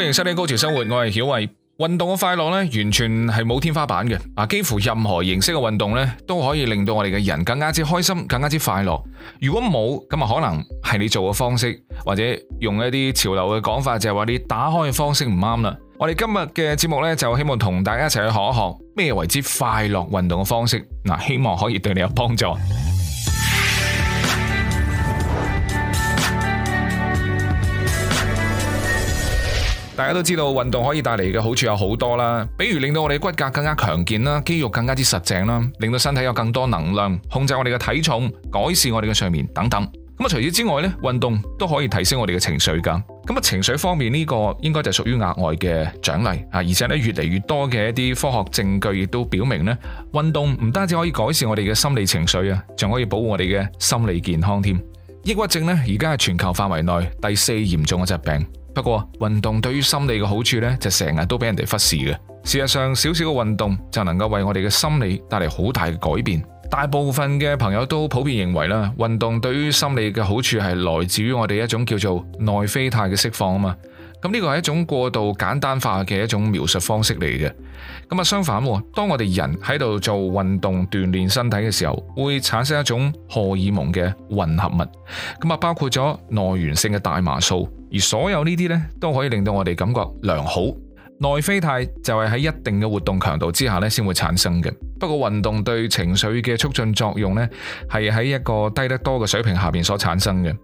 歡迎收聽《高潮生活》，我係曉慧。運動嘅快樂咧，完全係冇天花板嘅。啊，幾乎任何形式嘅運動咧，都可以令到我哋嘅人更加之開心，更加之快樂。如果冇，咁啊可能係你做嘅方式，或者用一啲潮流嘅講法，就係話你打開嘅方式唔啱啦。我哋今日嘅節目呢，就希望同大家一齊去學一學咩為之快樂運動嘅方式。嗱，希望可以對你有幫助。大家都知道運動可以帶嚟嘅好處有好多啦，比如令到我哋骨骼更加強健啦，肌肉更加之實淨啦，令到身體有更多能量，控制我哋嘅體重，改善我哋嘅睡眠等等。咁啊，除此之外咧，運動都可以提升我哋嘅情緒噶。咁啊，情緒方面呢個應該就係屬於額外嘅獎勵啊。而且咧，越嚟越多嘅一啲科學證據亦都表明咧，運動唔單止可以改善我哋嘅心理情緒啊，仲可以保護我哋嘅心理健康添。抑鬱症呢，而家係全球範圍內第四嚴重嘅疾病。不過運動對於心理嘅好處呢，就成日都俾人哋忽視嘅。事實上，少少嘅運動就能夠為我哋嘅心理帶嚟好大嘅改變。大部分嘅朋友都普遍認為啦，運動對於心理嘅好處係來自於我哋一種叫做內啡肽嘅釋放啊嘛。咁呢個係一種過度簡單化嘅一種描述方式嚟嘅。咁啊相反，當我哋人喺度做運動鍛煉身體嘅時候，會產生一種荷爾蒙嘅混合物。咁啊包括咗內源性嘅大麻素，而所有呢啲呢，都可以令到我哋感覺良好。內啡肽就係喺一定嘅活動強度之下呢先會產生嘅。不過運動對情緒嘅促進作用呢，係喺一個低得多嘅水平下邊所產生嘅。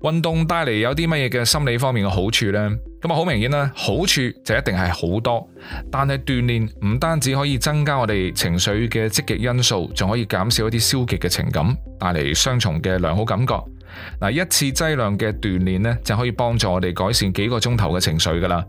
運動帶嚟有啲乜嘢嘅心理方面嘅好處呢？咁啊，好明顯啦，好處就一定係好多。但係鍛煉唔單止可以增加我哋情緒嘅積極因素，仲可以減少一啲消極嘅情感，帶嚟雙重嘅良好感覺。嗱，一次劑量嘅鍛煉咧，就可以幫助我哋改善幾個鐘頭嘅情緒噶啦。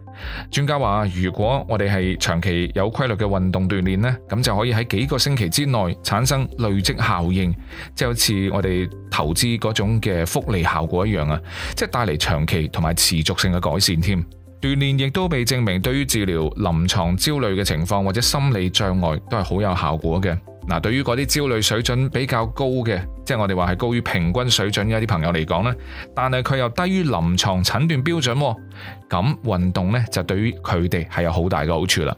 專家話，如果我哋係長期有規律嘅運動鍛煉咧，咁就可以喺幾個星期之內產生累積效應，即係好似我哋投資嗰種嘅複利效果一樣啊，即係帶嚟長期同埋持續性嘅改善添。鍛煉亦都被證明對於治療臨床焦慮嘅情況或者心理障礙都係好有效果嘅。嗱，對於嗰啲焦慮水準比較高嘅，即係我哋話係高於平均水準嘅一啲朋友嚟講咧，但係佢又低於臨床診斷標準，咁運動呢，就對於佢哋係有好大嘅好處啦。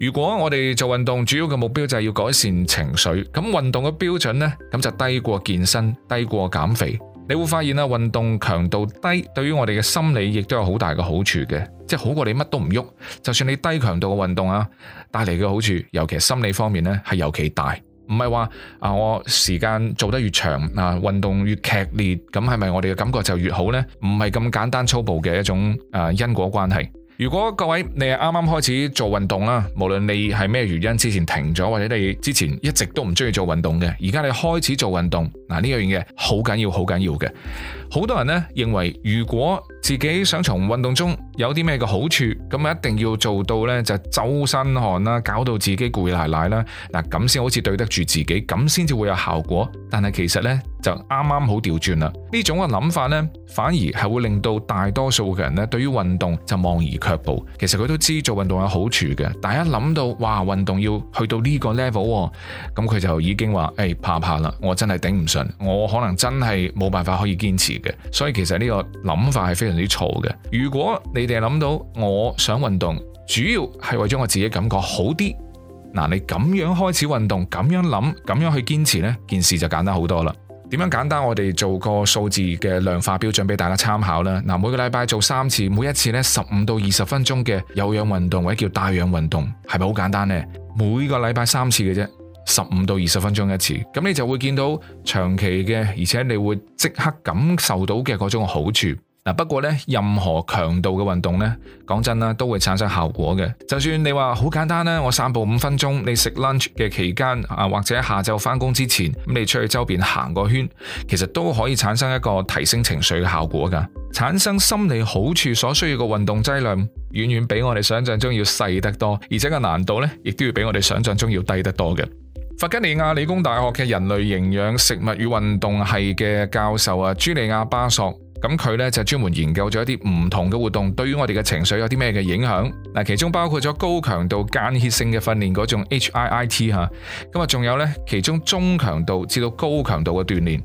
如果我哋做運動主要嘅目標就係要改善情緒，咁運動嘅標準呢，咁就低過健身、低過減肥。你會發現啊，運動強度低，對於我哋嘅心理亦都有好大嘅好處嘅，即係好過你乜都唔喐，就算你低強度嘅運動啊，帶嚟嘅好處，尤其係心理方面呢，係尤，尤其大。唔係話啊，我時間做得越長啊，運動越劇烈，咁係咪我哋嘅感覺就越好呢？唔係咁簡單粗暴嘅一種啊因果關係。如果各位你係啱啱開始做運動啦，無論你係咩原因之前停咗，或者你之前一直都唔中意做運動嘅，而家你開始做運動，嗱，呢樣嘢好緊要，好緊要嘅。好多人呢，認為，如果自己想從運動中，有啲咩嘅好處，咁啊，一定要做到呢，就是、周身汗啦，搞到自己攰奶奶啦，嗱咁先好似對得住自己，咁先至會有效果。但係其實呢，就啱啱好調轉啦，呢種嘅諗法呢，反而係會令到大多數嘅人呢對於運動就望而卻步。其實佢都知做運動有好處嘅，但一諗到哇運動要去到呢個 level，咁、哦、佢就已經話誒、哎、怕怕啦，我真係頂唔順，我可能真係冇辦法可以堅持嘅。所以其實呢個諗法係非常之錯嘅。如果你你哋諗到我想運動，主要係為咗我自己感覺好啲。嗱，你咁樣開始運動，咁樣諗，咁樣去堅持呢件事就簡單好多啦。點樣簡單？我哋做個數字嘅量化標準俾大家參考啦。嗱，每個禮拜做三次，每一次咧十五到二十分鐘嘅有氧運動或者叫帶氧運動，係咪好簡單呢？每個禮拜三次嘅啫，十五到二十分鐘一次，咁你就會見到長期嘅，而且你會即刻感受到嘅嗰種好處。嗱，不過咧，任何強度嘅運動咧，講真啦，都會產生效果嘅。就算你話好簡單啦，我散步五分鐘，你食 lunch 嘅期間啊，或者下晝翻工之前，咁你出去周邊行個圈，其實都可以產生一個提升情緒嘅效果噶。產生心理好處所需要嘅運動劑量，遠遠比我哋想象中要細得多，而且個難度咧，亦都要比我哋想象中要低得多嘅。弗吉尼亞理工大學嘅人類營養、食物與運動系嘅教授啊，朱莉亞巴索。咁佢咧就專門研究咗一啲唔同嘅活動，對於我哋嘅情緒有啲咩嘅影響？嗱，其中包括咗高強度間歇性嘅訓練嗰種 H.I.I.T. 吓，咁啊，仲有呢其中中強度至到高強度嘅鍛煉，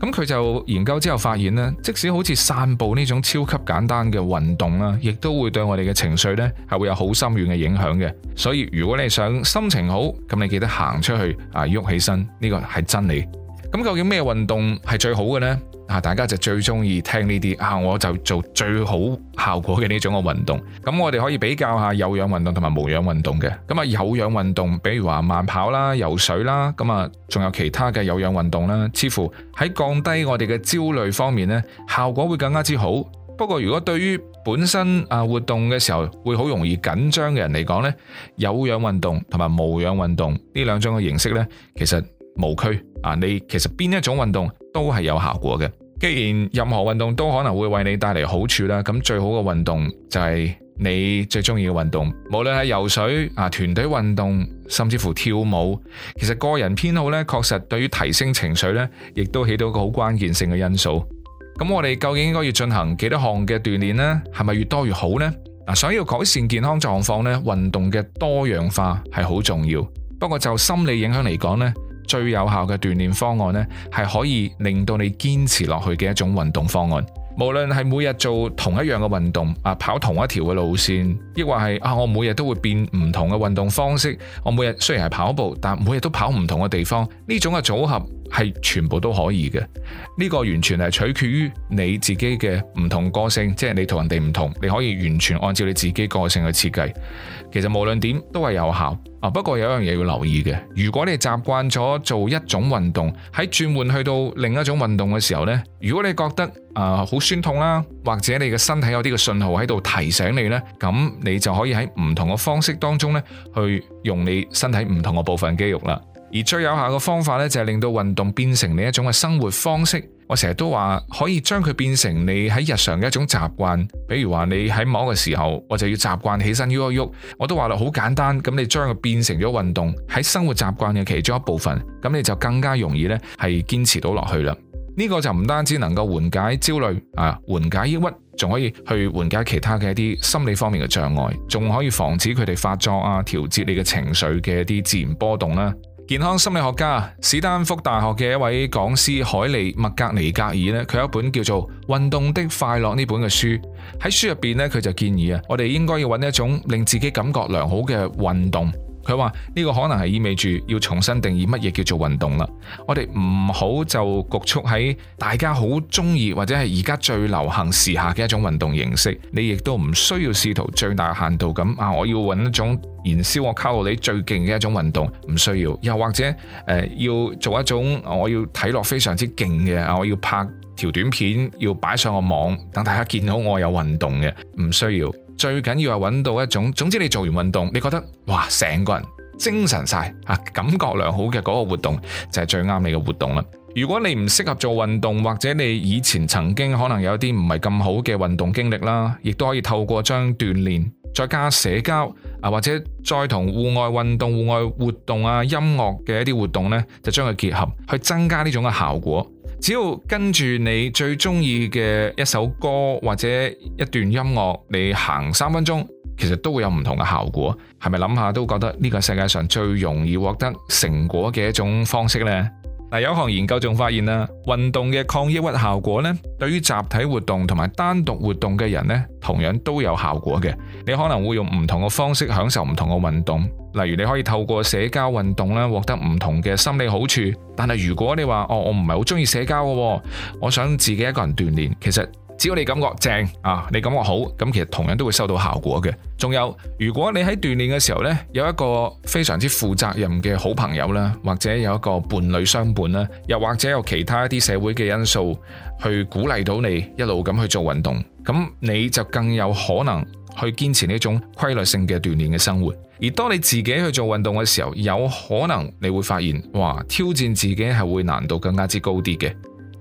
咁佢就研究之後發現呢，即使好似散步呢種超級簡單嘅運動啦，亦都會對我哋嘅情緒呢係會有好深遠嘅影響嘅。所以如果你想心情好，咁你記得行出去啊，喐起身，呢個係真理。咁究竟咩運動係最好嘅呢？啊，大家就最中意聽呢啲啊，我就做最好效果嘅呢種嘅運動。咁啊，我哋可以比較下有氧運動同埋無氧運動嘅。咁啊，有氧運動，比如話慢跑啦、游水啦，咁啊，仲有其他嘅有氧運動啦，似乎喺降低我哋嘅焦慮方面呢，效果會更加之好。不過如果對於本身啊活動嘅時候會好容易緊張嘅人嚟講呢，有氧運動同埋無氧運動呢兩種嘅形式呢，其實。無區啊！你其實邊一種運動都係有效果嘅。既然任何運動都可能會為你帶嚟好處啦，咁最好嘅運動就係你最中意嘅運動，無論係游水啊、團隊運動，甚至乎跳舞。其實個人偏好呢，確實對於提升情緒呢，亦都起到一個好關鍵性嘅因素。咁我哋究竟應該要進行幾多項嘅鍛煉呢？係咪越多越好呢？嗱，想要改善健康狀況呢，運動嘅多樣化係好重要。不過就心理影響嚟講呢。最有效嘅鍛煉方案呢，係可以令到你堅持落去嘅一種運動方案。無論係每日做同一樣嘅運動啊，跑同一條嘅路線，亦或係啊，我每日都會變唔同嘅運動方式。我每日雖然係跑步，但每日都跑唔同嘅地方。呢種嘅組合。係全部都可以嘅，呢、呢個完全係取決於你自己嘅唔同個性，即係你同人哋唔同，你可以完全按照你自己個性去設計。其實無論點都係有效啊。不過有一樣嘢要留意嘅，如果你習慣咗做一種運動，喺轉換去到另一種運動嘅時候呢，如果你覺得啊好、呃、酸痛啦，或者你嘅身體有啲嘅信號喺度提醒你呢，咁你就可以喺唔同嘅方式當中呢，去用你身體唔同嘅部分肌肉啦。而最有效嘅方法咧，就係令到運動變成你一種嘅生活方式。我成日都話可以將佢變成你喺日常嘅一種習慣，比如話你喺某一個時候，我就要習慣起身喐一喐。我都話咯，好簡單。咁你將佢變成咗運動喺生活習慣嘅其中一部分，咁你就更加容易咧係堅持到落去啦。呢個就唔單止能夠緩解焦慮啊，緩解抑鬱，仲可以去緩解其他嘅一啲心理方面嘅障礙，仲可以防止佢哋發作啊，調節你嘅情緒嘅一啲自然波動啦、啊。健康心理學家，史丹福大學嘅一位講師凱利麥格尼格爾咧，佢有一本叫做《運動的快樂》呢本嘅書，喺書入邊咧，佢就建議啊，我哋應該要揾一種令自己感覺良好嘅運動。佢話：呢個可能係意味住要重新定義乜嘢叫做運動啦。我哋唔好就局促喺大家好鍾意或者係而家最流行時下嘅一種運動形式。你亦都唔需要試圖最大限度咁啊！我要揾一種燃燒我卡路里最勁嘅一種運動，唔需要。又或者誒，要做一種我要睇落非常之勁嘅，我要拍條短片，要擺上個網，等大家見到我有運動嘅，唔需要。最緊要係揾到一種，總之你做完運動，你覺得哇，成個人精神晒啊，感覺良好嘅嗰個活動就係最啱你嘅活動啦。如果你唔適合做運動，或者你以前曾經可能有啲唔係咁好嘅運動經歷啦,亦都可以透過將鍛煉，再加社交啊，或者再同戶外運動、戶外活動啊、音樂嘅一啲活動呢，就將佢結合，去增加呢種嘅效果。只要跟住你最中意嘅一首歌或者一段音樂，你行三分鐘，其實都會有唔同嘅效果。係咪諗下都覺得呢個世界上最容易獲得成果嘅一種方式呢？嗱，有一項研究仲發現啦，運動嘅抗抑鬱效果咧，對於集體活動同埋單獨活動嘅人咧，同樣都有效果嘅。你可能會用唔同嘅方式享受唔同嘅運動，例如你可以透過社交運動咧獲得唔同嘅心理好處。但係如果你話哦，我唔係好中意社交嘅，我想自己一個人鍛煉，其實。只要你感覺正啊，你感覺好，咁其實同樣都會收到效果嘅。仲有，如果你喺鍛煉嘅時候呢，有一個非常之負責任嘅好朋友啦，或者有一個伴侶相伴啦，又或者有其他一啲社會嘅因素去鼓勵到你一路咁去做運動，咁你就更有可能去堅持呢種規律性嘅鍛煉嘅生活。而當你自己去做運動嘅時候，有可能你會發現，哇，挑戰自己係會難度更加之高啲嘅。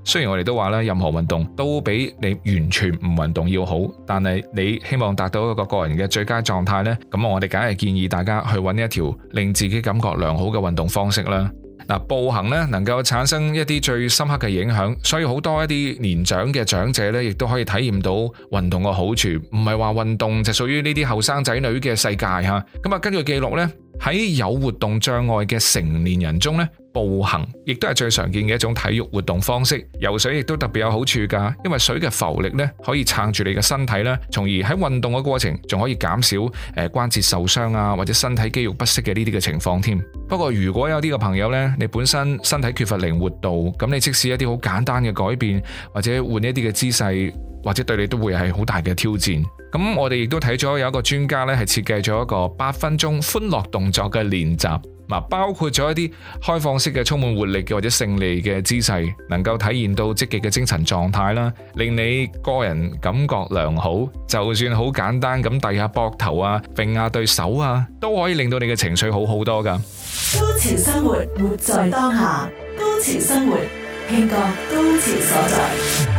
雖然我哋都話咧，任何運動都比你完全唔運動要好，但係你希望達到一個個人嘅最佳狀態呢，咁我哋梗係建議大家去揾一條令自己感覺良好嘅運動方式啦、呃。步行呢能夠產生一啲最深刻嘅影響，所以好多一啲年長嘅長者呢，亦都可以體驗到運動嘅好處。唔係話運動就屬於呢啲後生仔女嘅世界吓。咁啊，根據記錄呢，喺有活動障礙嘅成年人中呢。步行亦都係最常見嘅一種體育活動方式，游水亦都特別有好處噶，因為水嘅浮力咧，可以撐住你嘅身體啦，從而喺運動嘅過程仲可以減少誒、呃、關節受傷啊或者身體肌肉不適嘅呢啲嘅情況添。不過如果有啲嘅朋友咧，你本身身體缺乏靈活度，咁你即使一啲好簡單嘅改變或者換一啲嘅姿勢，或者對你都會係好大嘅挑戰。咁我哋亦都睇咗有一個專家咧，係設計咗一個八分鐘歡樂動作嘅練習。嗱，包括咗一啲開放式嘅、充滿活力嘅或者勝利嘅姿勢，能夠體現到積極嘅精神狀態啦，令你個人感覺良好。就算好簡單咁遞下膊頭啊、揈下對手啊，都可以令到你嘅情緒好好多㗎。高潮生活，活在當下。高潮生活，慶祝高潮所在。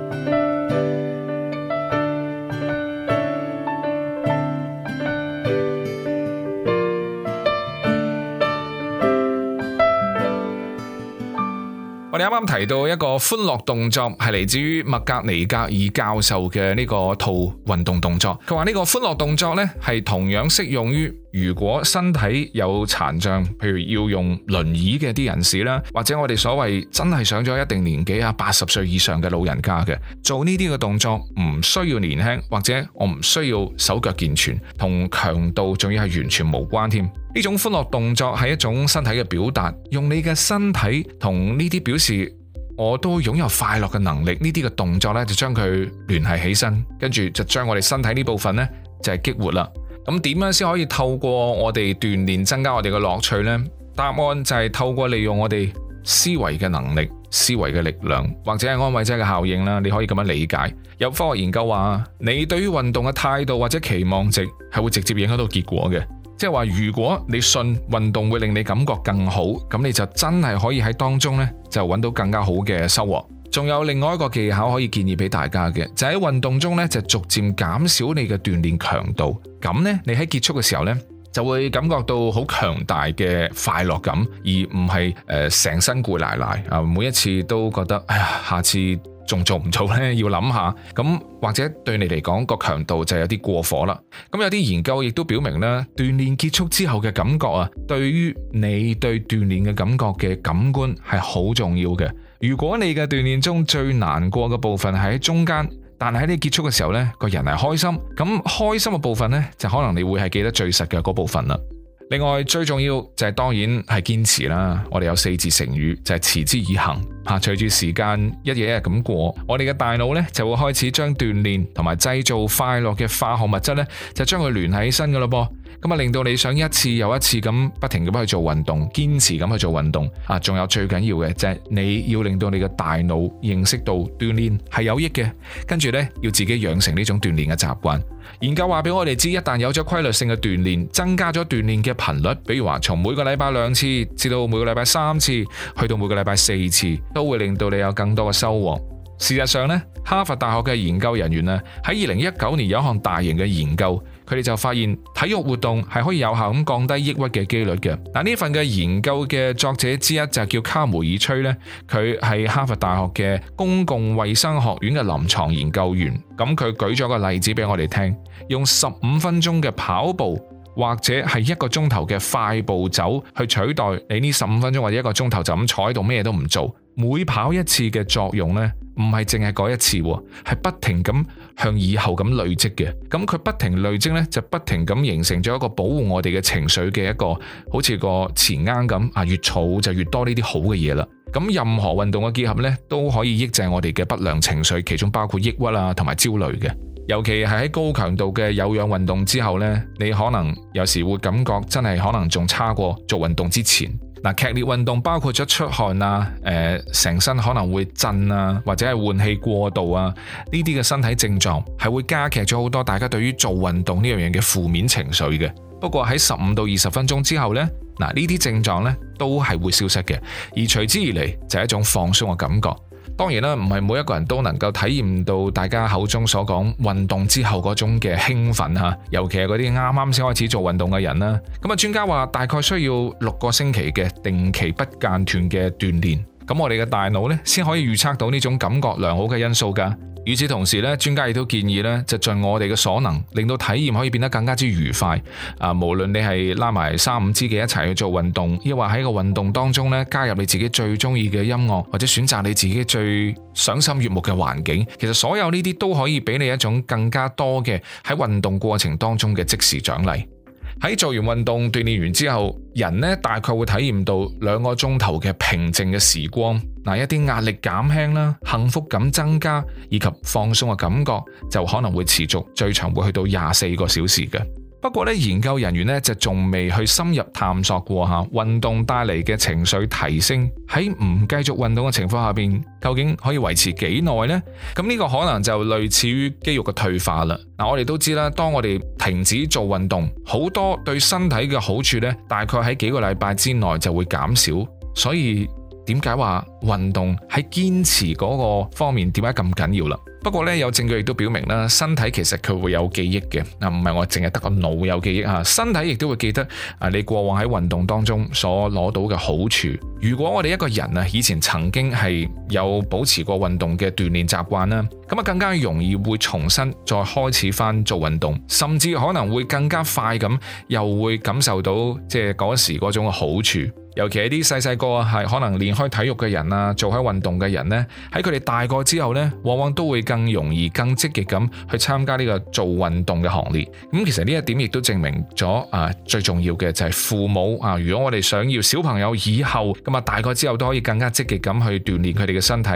啱啱提到一個歡樂動作，係嚟自於麥格尼格爾教授嘅呢個套運動動作。佢話呢個歡樂動作咧，係同樣適用於。如果身體有殘障，譬如要用輪椅嘅啲人士啦，或者我哋所謂真係上咗一定年紀啊，八十歲以上嘅老人家嘅，做呢啲嘅動作唔需要年輕，或者我唔需要手腳健全，同強度仲要係完全無關添。呢種歡樂動作係一種身體嘅表達，用你嘅身體同呢啲表示我都擁有快樂嘅能力。呢啲嘅動作呢，就將佢聯繫起身，跟住就將我哋身體呢部分呢，就係激活啦。咁點樣先可以透過我哋鍛煉增加我哋嘅樂趣呢？答案就係透過利用我哋思維嘅能力、思維嘅力量或者係安慰劑嘅效應啦。你可以咁樣理解。有科學研究話，你對於運動嘅態度或者期望值係會直接影響到結果嘅。即係話，如果你信運動會令你感覺更好，咁你就真係可以喺當中呢，就揾到更加好嘅收穫。仲有另外一個技巧可以建議俾大家嘅，就喺運動中咧，就逐漸減少你嘅鍛煉強度，咁咧你喺結束嘅時候咧，就會感覺到好強大嘅快樂感，而唔係誒成身攰賴賴啊！每一次都覺得，哎呀，下次仲做唔做咧？要諗下咁，或者對你嚟講個強度就有啲過火啦。咁有啲研究亦都表明咧，鍛煉結束之後嘅感覺啊，對於你對鍛煉嘅感覺嘅感官係好重要嘅。如果你嘅鍛煉中最難過嘅部分係喺中間，但係喺你結束嘅時候咧，個人係開心，咁開心嘅部分呢，就可能你會係記得最實嘅嗰部分啦。另外最重要就係、是、當然係堅持啦。我哋有四字成語就係、是、持之以恒。吓、啊，隨住時間一日一日咁過，我哋嘅大腦呢就會開始將鍛煉同埋製造快樂嘅化學物質呢，就將佢聯繫起身噶咯噃。咁啊，令到你想一次又一次咁不停咁去做運動，堅持咁去做運動啊！仲有最緊要嘅就係你要令到你嘅大腦認識到鍛煉係有益嘅，跟住呢，要自己養成呢種鍛煉嘅習慣。研究話俾我哋知，一旦有咗規律性嘅鍛煉，增加咗鍛煉嘅頻率，比如話從每個禮拜兩次至到每個禮拜三次，去到每個禮拜四次，都會令到你有更多嘅收穫。事實上呢，哈佛大學嘅研究人員呢，喺二零一九年有一項大型嘅研究。佢哋就發現體育活動係可以有效咁降低抑鬱嘅幾率嘅。但呢份嘅研究嘅作者之一就叫卡梅爾崔呢，佢係哈佛大學嘅公共衛生學院嘅臨床研究員。咁佢舉咗個例子俾我哋聽，用十五分鐘嘅跑步或者係一個鐘頭嘅快步走去取代你呢十五分鐘或者一個鐘頭就咁坐喺度咩都唔做。每跑一次嘅作用呢，唔係淨係嗰一次，係不停咁。向以後咁累積嘅，咁佢不停累積呢，就不停咁形成咗一個保護我哋嘅情緒嘅一個，好似個錢罌咁，啊越儲就越多呢啲好嘅嘢啦。咁任何運動嘅結合呢，都可以抑制我哋嘅不良情緒，其中包括抑鬱啊同埋焦慮嘅。尤其係喺高強度嘅有氧運動之後呢，你可能有時會感覺真係可能仲差過做運動之前。嗱，劇烈運動包括咗出汗啊，誒、呃，成身可能會震啊，或者係換氣過度啊，呢啲嘅身體症狀係會加劇咗好多大家對於做運動呢樣嘢嘅負面情緒嘅。不過喺十五到二十分鐘之後呢，嗱呢啲症狀咧都係會消失嘅，而隨之而嚟就係、是、一種放鬆嘅感覺。當然啦，唔係每一個人都能夠體驗到大家口中所講運動之後嗰種嘅興奮吓，尤其係嗰啲啱啱先開始做運動嘅人啦。咁啊，專家話大概需要六個星期嘅定期不間斷嘅鍛煉，咁我哋嘅大腦呢，先可以預測到呢種感覺良好嘅因素㗎。與此同時咧，專家亦都建議咧，就盡我哋嘅所能，令到體驗可以變得更加之愉快。啊，無論你係拉埋三五知己一齊去做運動，亦或喺個運動當中咧，加入你自己最中意嘅音樂，或者選擇你自己最賞心悅目嘅環境，其實所有呢啲都可以俾你一種更加多嘅喺運動過程當中嘅即時獎勵。喺做完運動、鍛煉完之後，人呢，大概會體驗到兩個鐘頭嘅平靜嘅時光。嗱，一啲壓力減輕啦，幸福感增加以及放鬆嘅感覺就可能會持續最長會去到廿四個小時嘅。不過咧，研究人員咧就仲未去深入探索過吓，運動帶嚟嘅情緒提升喺唔繼續運動嘅情況下邊，究竟可以維持幾耐呢？咁呢個可能就類似於肌肉嘅退化啦。嗱，我哋都知啦，當我哋停止做運動，好多對身體嘅好處咧，大概喺幾個禮拜之內就會減少，所以。點解話運動喺堅持嗰個方面點解咁緊要啦？不過呢，有證據亦都表明啦，身體其實佢會有記憶嘅啊，唔係我淨係得個腦有記憶啊，身體亦都會記得啊，你過往喺運動當中所攞到嘅好處。如果我哋一個人啊，以前曾經係有保持過運動嘅鍛煉習慣啦，咁啊更加容易會重新再開始翻做運動，甚至可能會更加快咁又會感受到即係嗰時嗰種嘅好處。尤其係啲細細個啊，係可能練開體育嘅人啊，做開運動嘅人呢，喺佢哋大個之後呢，往往都會更容易、更積極咁去參加呢個做運動嘅行列。咁、嗯、其實呢一點亦都證明咗啊，最重要嘅就係父母啊，如果我哋想要小朋友以後咁啊大個之後都可以更加積極咁去鍛煉佢哋嘅身體，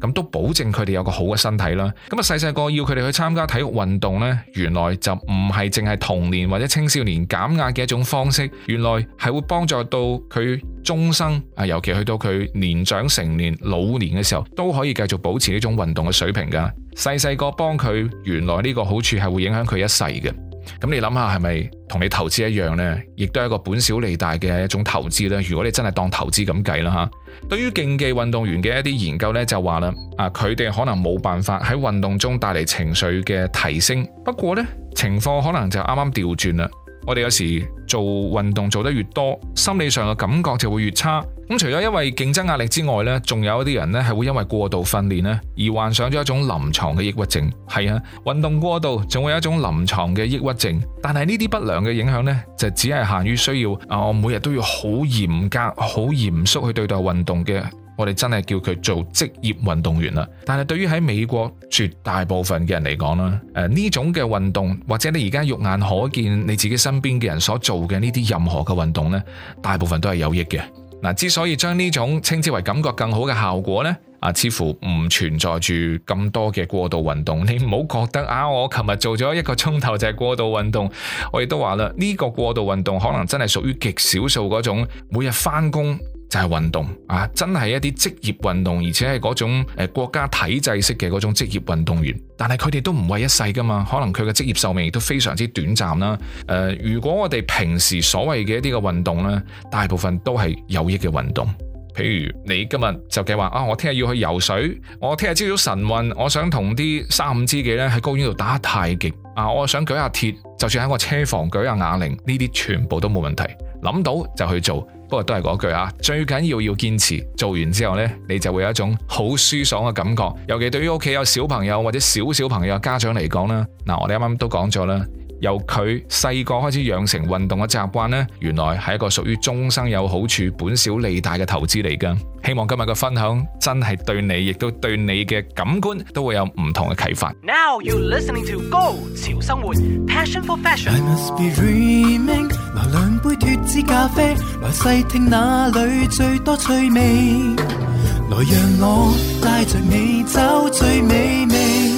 咁都保證佢哋有個好嘅身體啦。咁啊細細個要佢哋去參加體育運動呢，原來就唔係淨係童年或者青少年減壓嘅一種方式，原來係會幫助到佢。終生啊，尤其去到佢年長成年老年嘅時候，都可以繼續保持呢種運動嘅水平噶。細細個幫佢，原來呢個好處係會影響佢一世嘅。咁你諗下，係咪同你投資一樣呢？亦都係一個本小利大嘅一種投資啦。如果你真係當投資咁計啦吓，對於競技運動員嘅一啲研究呢，就話啦啊，佢哋可能冇辦法喺運動中帶嚟情緒嘅提升。不過呢，情況可能就啱啱調轉啦。我哋有時做運動做得越多，心理上嘅感覺就會越差。咁除咗因為競爭壓力之外咧，仲有一啲人咧係會因為過度訓練咧而患上咗一種臨床嘅抑鬱症。係啊，運動過度仲會有一種臨床嘅抑鬱症。但係呢啲不良嘅影響咧，就只係限於需要啊，我每日都要好嚴格、好嚴肅去對待運動嘅。我哋真係叫佢做職業運動員啦，但係對於喺美國絕大部分嘅人嚟講啦，誒呢種嘅運動或者你而家肉眼可見你自己身邊嘅人所做嘅呢啲任何嘅運動呢，大部分都係有益嘅。嗱，之所以將呢種稱之為感覺更好嘅效果呢，啊，似乎唔存在住咁多嘅過度運動。你唔好覺得啊，我琴日做咗一個鐘頭就係過度運動。我亦都話啦，呢、這個過度運動可能真係屬於極少數嗰種每，每日返工。就係運動啊，真係一啲職業運動，而且係嗰種誒國家體制式嘅嗰種職業運動員。但係佢哋都唔為一世噶嘛，可能佢嘅職業壽命亦都非常之短暫啦。誒、呃，如果我哋平時所謂嘅一啲嘅運動呢，大部分都係有益嘅運動。譬如你今日就計劃啊，我聽日要去游水，我聽日朝早晨運，我想同啲三五知己呢喺公園度打太極。啊！我想舉下鐵，就算喺我車房舉下啞鈴，呢啲全部都冇問題。諗到就去做，不過都係嗰句啊，最緊要要堅持。做完之後呢，你就會有一種好舒爽嘅感覺。尤其對於屋企有小朋友或者小小朋友嘅家長嚟講啦，嗱、啊，我哋啱啱都講咗啦。由佢細個開始養成運動嘅習慣呢，原來係一個屬於終生有好處、本小利大嘅投資嚟噶。希望今日嘅分享真係對你，亦都對你嘅感官都會有唔同嘅啟發。Now you listening toGo 潮生活，passion for fashion。I must be dreaming。嗱，兩杯脫脂咖啡，嗱，細聽哪裏最多趣味。來讓我帶着你走最美味。